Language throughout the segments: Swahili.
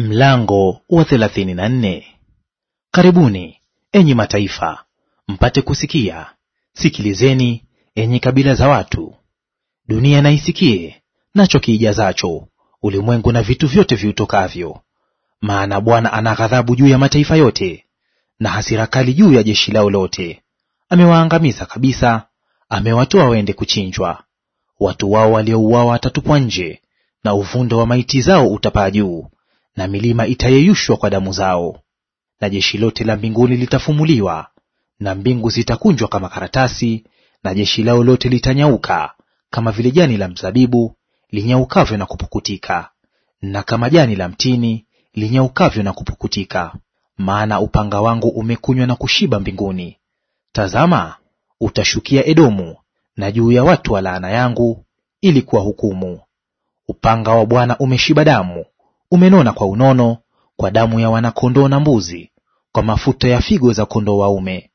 Mlango wa thelathini na nne. Karibuni enyi mataifa, mpate kusikia; sikilizeni enyi kabila za watu. Dunia naisikie nacho kiijazacho, ulimwengu na vitu vyote viutokavyo. Maana Bwana ana ghadhabu juu ya mataifa yote, na hasira kali juu ya jeshi lao lote. Amewaangamiza kabisa, amewatoa waende kuchinjwa. Watu wao waliouawa watatupwa nje, na uvundo wa maiti zao utapaa juu na milima itayeyushwa kwa damu zao, na jeshi lote la mbinguni litafumuliwa, na mbingu zitakunjwa kama karatasi, na jeshi lao lote litanyauka kama vile jani la mzabibu linyaukavyo na kupukutika, na kama jani la mtini linyaukavyo na kupukutika. Maana upanga wangu umekunywa na kushiba mbinguni. Tazama, utashukia Edomu na juu ya watu wa laana yangu, ili kuwahukumu. Upanga wa Bwana umeshiba damu, Umenona kwa unono, kwa damu ya wanakondoo na mbuzi, kwa mafuta ya figo za kondoo waume.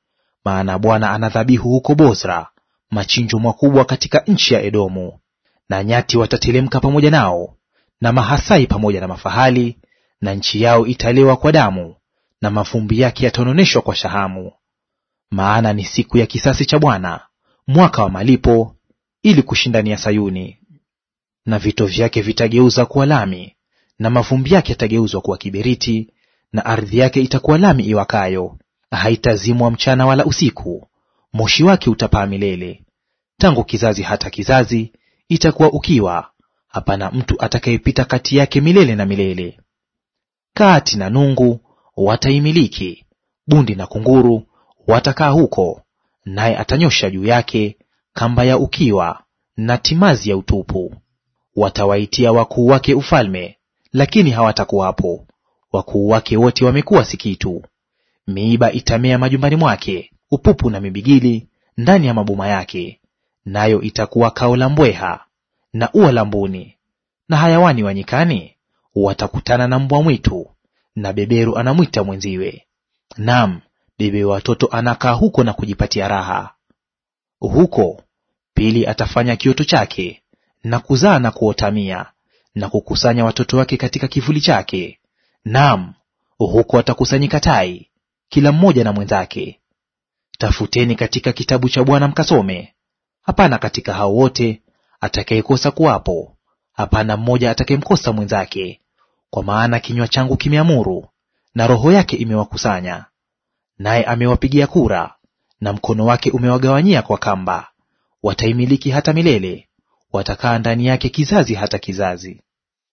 Maana Bwana anadhabihu huko Bosra machinjo makubwa katika nchi ya Edomu. Na nyati watatelemka pamoja nao, na mahasai pamoja na mafahali, na nchi yao italewa kwa damu, na mavumbi yake yatanoneshwa kwa shahamu. Maana ni siku ya kisasi cha Bwana, mwaka wa malipo, ili kushindania Sayuni. Na vito vyake vitageuza kuwa lami, na mavumbi yake yatageuzwa kuwa kiberiti, na ardhi yake itakuwa lami iwakayo; haitazimwa mchana wala usiku, moshi wake utapaa milele. Tangu kizazi hata kizazi itakuwa ukiwa, hapana mtu atakayepita kati yake milele na milele. Kati na nungu wataimiliki, bundi na kunguru watakaa huko, naye atanyosha juu yake kamba ya ukiwa na timazi ya utupu. Watawaitia wakuu wake ufalme, lakini hawatakuwapo; wakuu wake wote wamekuwa si kitu. Miiba itamea majumbani mwake, upupu na mibigili ndani ya maboma yake, nayo itakuwa kao la mbweha na ua la mbuni. Na hayawani wa nyikani watakutana na mbwa mwitu, na beberu anamwita mwenziwe. nam bebe watoto anakaa huko na kujipatia raha huko; pili atafanya kioto chake na kuzaa na kuotamia na kukusanya watoto wake katika kivuli chake; naam, huko watakusanyika tai, kila mmoja na mwenzake. Tafuteni katika kitabu cha Bwana mkasome; hapana katika hao wote atakayekosa kuwapo, hapana mmoja atakayemkosa mwenzake. Kwa maana kinywa changu kimeamuru, na roho yake imewakusanya. Naye amewapigia kura, na mkono wake umewagawanyia kwa kamba. Wataimiliki hata milele, watakaa ndani yake kizazi hata kizazi.